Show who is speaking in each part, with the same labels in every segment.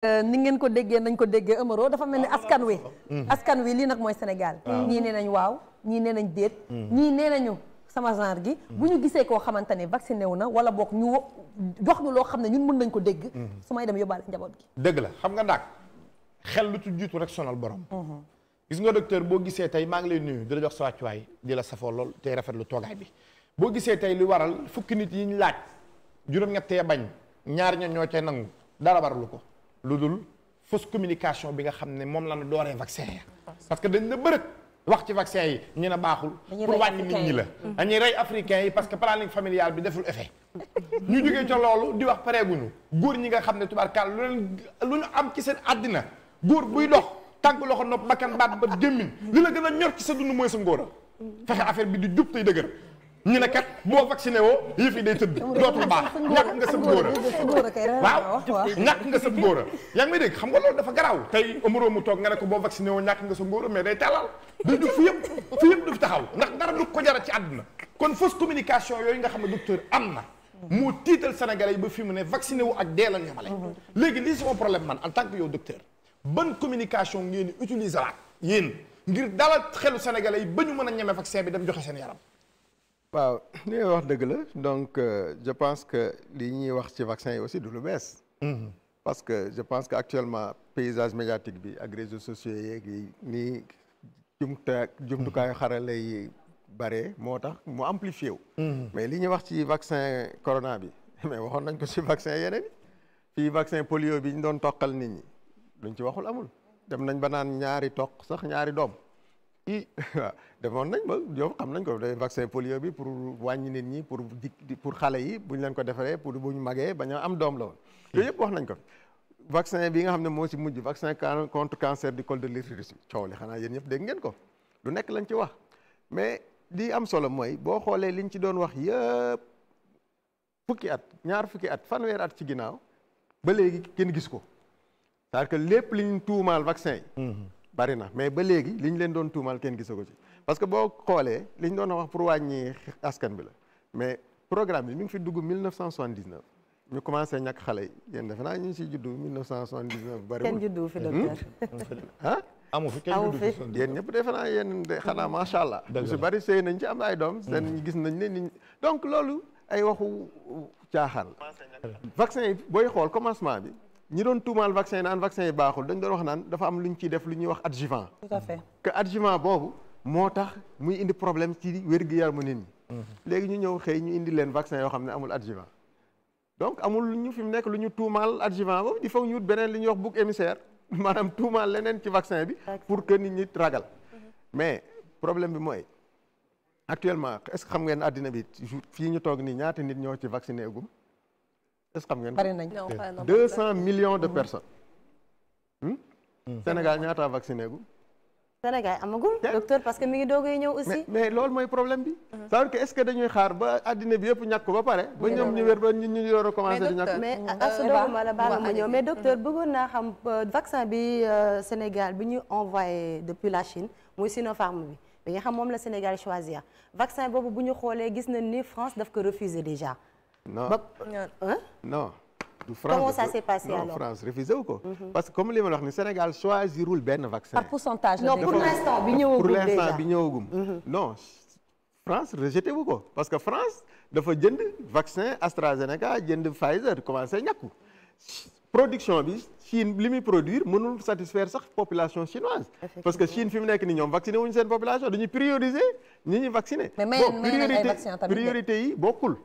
Speaker 1: Euh, ni ngeen ko déggee nañ ko déggee Amaro dafa mel ni askan wi mm. askan wi lii nag mooy Sénégal ñii nee waaw ñii nee nañ déet mm. ñii nee nañu sama genre gi mm. bu ñu gisee koo xamante ne vacciné wu na wala boog ñu jox ñu loo xam ne ñun mën nañ ko dégg su may dem yóbbaale njaboot gi dëgg la xam nga ndaak xel lu ci jiitu rek sonal borom mm-hmm. gis nga docteur boo gisee tey maa ngi lay nuyu di la jox sa wàccuwaay di la safoo lool tey rafet lu toogaay bi boo gisee tey li waral fukki nit yi ñu laaj juróom bañ ñaar ñoo ca nangu dara waralu ko lu dul fausse communication bi nga xam ne moom la ñu dooree vaccin ya parce que dañ na bërëg wax ci vaccin yi ñu ne baaxul pour wàññi nit ñi la dañuy rey africain yi parce que planning familial bi deful efe ñu jógee ca loolu di wax pareeguñu góor ñi nga xam ne tubaarkaal lu leen lu nu am ci seen àddina góor buy dox tànk loxo nopp bakkan baat ba gémmiñ li la gën a ñor ci sa dund mooy sa ngóora fexe affaire bi di jub tey dëgër ñu ne kat boo vacciné woo yëf yi day tëdd dootul baax ñàkk nga sëb góor a waaw ñàkk nga sëb góor a yaa ngi may dégg xam nga loolu dafa garaaw tey amuroo toog nga ne ko boo vacciné woo ñàkk nga sa góor a mais day tàllal day du fi yëpp fi yëpp du fi taxaw ndax dara du ko jara ci àdduna kon fausse communication yooyu nga xam ne docteur am na moo tiital sénégalais yi ba fi mu ne vacciné wu ak dee la ñu xamale léegi lii sama problème man en tant que yow docteur ban communication ngeen utiliser waat yéen ngir dalal xelu sénégalais ba ñu mën a ñeme vaccin bi dem joxe seen yaram
Speaker 2: waaw li ngay wax dëgg la donc euh, je pense que li ñuy wax ci vaccin yi aussi du lu bees mm-hmm. parce que je pense que actuellement paysage médiatique bi ak réseaux sociaux yeeg yi nii jumta jumtukaayu mm-hmm. xarala yi bare moo tax mu amplifié wu mm-hmm. mais li ñuy wax ci vaccin corona bi mais waxoon nañ ko ci vaccin yeneen fii vaccin polio bi ñu doon toqal nit ñi luñ ci waxul amul dem nañ ba naan ñaari toq sax ñaari doom i waaw defoon nañ ba yow xam nañ ko day vaccin polio bi pour wàññi nit ñi pour di pour xale yi bu ñu leen ko defaree pour bu ñu magee bañ a am doom la woon hmm. yooyu yëpp wax nañ ko vaccin bi nga xam ne moo si mujj vaccin contre cancer du col de l'utérus bi coow li xanaa yéen ñëpp dégg ngeen ko lu nekk lañ ci wax mais li am solo mooy boo xoolee liñ ci doon wax yëpp fukki at ñaar fukki at fanweer at ci ginnaaw ba léegi kenn gis ko cest à lépp liñ tuumaal vaccin yi hmm. bari na mais ba léegi li ñu leen doon tuumal kenn ko ci parce que boo xoolee li ñu doon wax pour wàññi askan bi la mais programme bi ñu ngi fi dugg 1979 ñu commencé ñàkk xale yi yéen defe naa ñu ngi siy juddu 1979. bari kenn juddu fi docteur. Hmm? amu fi kenn juddu fi yéen ñëpp defe naa yéen xanaa hmm. macha allah. su bari sëy nañ ci am ay doom. seen hmm. gis nañ ne ni donc loolu ay waxu caaxaan la. vaccin yi booy xool commencement bi. ñi doon tuumaal vaccin naan vaccin yi baaxul dañ doon wax naan dafa am lu ñu ciy def lu ñuy wax adjuvant. tout à fait que adjuvant boobu moo tax muy indi problème ci wér-gu-yaramu nit ñi. Mhm. léegi ñu ñëw xëy ñu indi leen vaccin yoo xam ne amul adjuvant. donc amul lu ñu fi mu nekk lu ñu tuumaal adjuvant boobu di foog ñu wut beneen li ñu wax bouc émissaire maanaam tuumaal leneen ci vaccin bi. pour que nit ñi ragal. Mhm. mais problème bi mooy. actuellement est-ce que àddina bi fii ñu toog nii ñaata nit ñoo ci vacciné est-ce que xam ngeen. pare nañ deux cent millions de personnes. Hmm? Hmm. Sénégal ñaata vacciné gu.
Speaker 1: Sénégal amagul docteur parce que mi ngi doog a ñëw aussi.
Speaker 2: mais loolu mooy problème bi. cest hmm. à que est-ce que dañuy xaar ba àddina bi yëpp ñàkk ko ba pare. ba ñoom ñu wér ba ñu ñu door mais asu dooguma la baal ma ñëw
Speaker 1: mais euh, docteur bëggoon naa xam euh, vaccin bi euh, Sénégal bi ñuy envoyé depuis la Chine muy Sinopharm bi bi nga xam moom la Sénégal choisir vaccin boobu bu ñu xoolee gis na ni France daf ko refuser déjà.
Speaker 2: non non du France comment ça s'est passé alors wu ko. Mhm. parce que comme li ma la wax ni Sénégal choisirul benn vaccin.
Speaker 1: par bi ñëwagum
Speaker 2: pour mhm. non France rejeté wu ko parce que France dafa jënd vaccin AstraZeneca jënd Pfizer commencé ñàkku. production bi Chine li muy produire mënul satisfaire sax population chinoise. parce que Chine fi mu nekk nii ñoom vacciné wuñu seen population dañuy prioriser ñi ñuy vacciné. mais bon priorité priorité yi bokkul.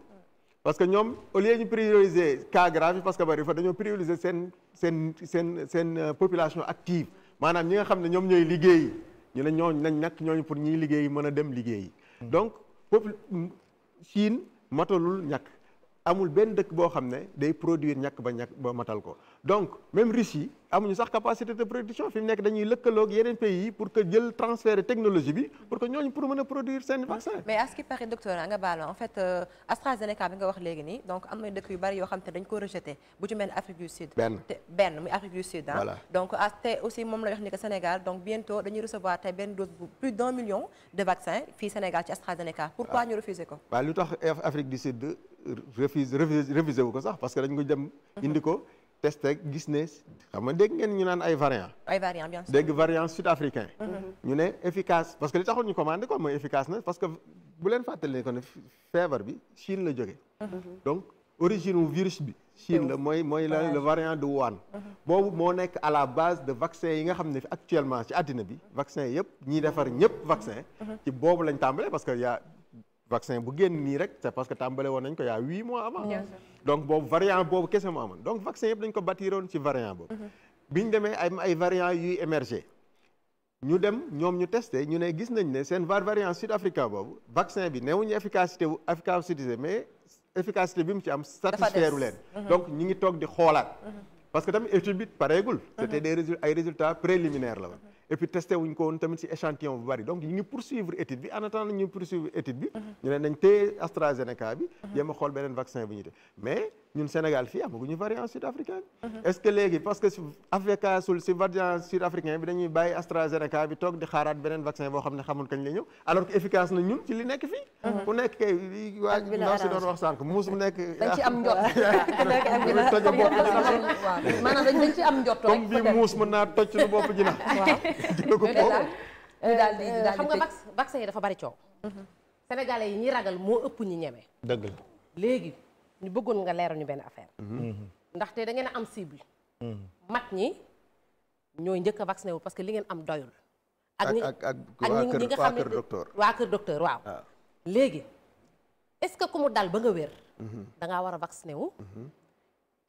Speaker 2: parce que ñoom au lieu ñu prioriser cas grave yi parce que bari fa dañoo prioriser seen seen seen seen euh, population active maanaam ñi nga xam ne ñoom ñooy liggéeyi ñu ne ñooñ nañ nag ñooñu pour ñiy liggéeyi mën a dem liggéeyi mm. donc peuple Chine matalul ñàkk amul benn dëkk boo xam ne day produire ñàkk ba ñàkk ba matal ko donc même Russie yi amuñu sax capacité de production fi mu nekk dañuy lëkkaloog yeneen pays pour que jël transfert technologie bi pour que ñooñu pour mën a produire seen vaccin
Speaker 1: mais à ce qui paraît docteur nga baal ma en fait euh, AstraZeneca bi nga wax léegi nii donc am na dëkk yu bari yoo xam te dañ ko rejeté bu ci mel ni Afrique du Sud benn benn muy Afrique du Sud ah. donc ah, te aussi la wax ni bientôt dañuy
Speaker 2: refuse révisé wu ko sax parce que dañ ko dem indi ko testé gis ne xam dégg ngeen ñu naan ay variant
Speaker 1: ay variant bien sûr dégg
Speaker 2: variant sud africain mhm. ñu ne efficace parce que li taxoon ñu commandé ko mooy efficace na parce que bu leen fàttali ko ne feebar bi Chine la jóge mhm. donc origine wu virus bi Chine la mooy mooy la le variant de Wuhan mhm. boobu moo nekk à la base de vaccin yi nga xam ne fi actuellement ci àddina bi vaccin yëpp ñiy defar ñëpp vaccin ci boobu lañ tàmbalee parce que yaa vaccin bu génn nii rek c'est parce que tàmbale woon nañ ko yaa huit mois avant donc boobu variant boobu kese moo amoon donc vaccin yëpp dañ ko bâtiroon ci variant boobu mhm. ñu demee ay ay variant yuy émerger ñu dem ñoom ñu testé ñu ne gis nañ ne seen variant sud africa boobu vaccin bi newuñu efficacité wu efficacité mais efficacité bi mu ci am satisfeeru leen mhm. donc ñu ngi toog di xoolaat mhm. parce que tamit étude bi pareegul c'était des ay résultats préliminaires la woon et puis wuñ ko woon tamit si échantillon bu bari donc ñu ngi poursuivre étude bi en attendant ñu poursuivre étude bi. Mhm. ñu ne nañ téye AstraZeneca bi. Mhm. jéem a xool beneen vaccin bu ñu te mais. ñun Sénégal fii amaguñu variant sud africain mhm. est ce que léegi parce que Africa sul si variant sud africain bi dañuy bàyyi AstraZeneca bi toog di xaaraat beneen vaccin boo xam ne xamul kañ la ñëw alors que efficace na ñun ci li nekk fii mhm. ku nekk kay waa ndaw si doon wax sànq muus mu nekk dañ
Speaker 1: toj bopp
Speaker 2: ji mën naa toj lu bopp ji na
Speaker 1: jëla euh, xam nga vaccin yi dafa bari coow mhm. sénégalais yi ñi ragal moo ëpp ñi ñeme dëgg la léegi ñu bëggoon nga leeral ñu benn affaire. Mhm. Mhm. ndaxte dangeen am cible. Mhm. mat ñi ñooy njëkk a parce que li ngeen am doyul. ak ak ak ñi nga xam ne waa kër docteur waaw. Ah. léegi est-ce que ku mu dal ba nga wér. da ngaa war a vacciné wu.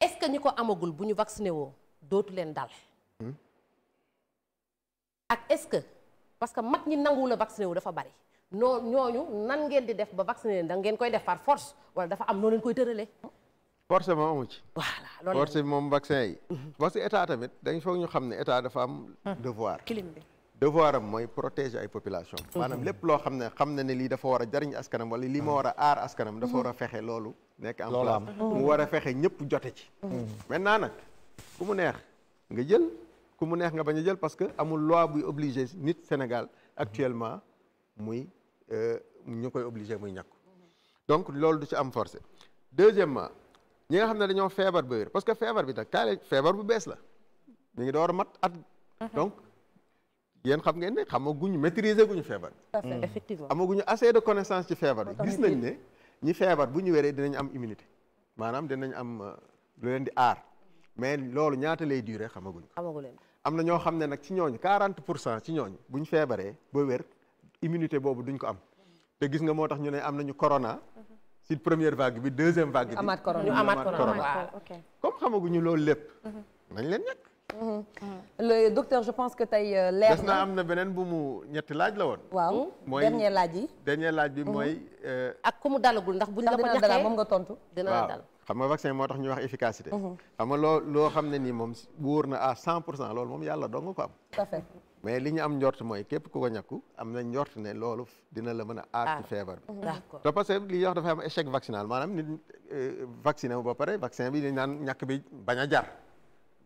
Speaker 1: est ñi ko amagul bu ñu vacciné woo dootu leen dal. ak est-ce que parce que mat ñi nanguwul a vacciné wu dafa bari. noo ñooñu nan ngeen di def ba vacciner da ngeen koy def par force wala dafa am noo leen koy tëralee.
Speaker 2: force moom ci. voilà loolu force moom vaccin yi. Mhm. parce que état tamit dañ foog ñu xam ne état dafa am. Mhm. devoir clim bi. devoir am mooy protéger ay population mhm. maanaam lépp loo xam ne xam na ne lii dafa war a jariñ askanam wala lii ma war a aar askanam dafa war a fexe loolu nekk am place mu war a fexe ñëpp jote ci maintenant nag ku mu neex nga jël ku mu neex nga bañ a jël parce que amul loi buy obligé nit Sénégal actuellement muy Euh, ñu koy obligé muy ñàkku donc loolu du ci am forcé deuxièmement ñi nga xam ne dañoo feebar ba wér parce que feebar bi nag kaale feebar bu bees la ñu ngi door a mat at mhm. donc yéen xam ngeen ne xamaguñu maîtriser guñu feebar bi effectivement amaguñu assez de connaissance ci feebar bi gis nañ ne ñi feebar bu ñu wéree dinañ am immunité maanaam dinañ am euh, lu leen di aar mais loolu ñaata lay durer xamaguñ ko am na ñoo xam ne nag ci ñooñu 40 pour cent ci ñooñu bu ñu feebaree ba wér immunité boobu duñ ko am te gis nga moo tax ñu ne am nañu corona ci première vague bi deuxième vague bi amaat corona ñu amaat corona comme ñu loolu lépp nañ leen ñàkk
Speaker 1: le docteur je pense que tey euh, leer na am
Speaker 2: na beneen bu mu ñetti laaj la woon. waaw mooy laaj yi dernier laaj bi mooy. Mhm.
Speaker 1: Euh, ak ku mu dalagul ndax buñ la ko moom nga tontu. dina la dal
Speaker 2: xam vaccin moo tax ñuy wax efficacité. Mhm. xam nga loo loo xam ne nii moom wóor na à 100 pour cent loolu moom yàlla dong ko am. mais li ñu am njort mooy képp ko ñàkku am na njort ne loolu dina la mën a aar ci ah. feebar bi te parce que li ñuy wax am échec vaccinal maanaam nit euh, vacciné ba pare vaccin bi dañ naan ñàkk bi bañ a jar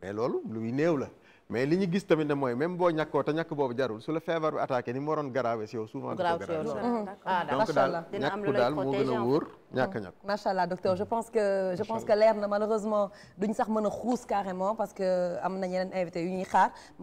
Speaker 2: mais loolu luy néew la mais li ñu gis tamit ne mooy même boo ñàkkoo te ñàkk boobu jarul su la feebar bi attaqué ni mu waroon garaawe si yow souvent du ko garaawe
Speaker 1: ah, donc daal ñàkku ñàkk ñàkk mm. macha allah docteur je pense que que leer na malheureusement duñ sax mën a xuus carrément parce que am na ñeneen invité yu ñuy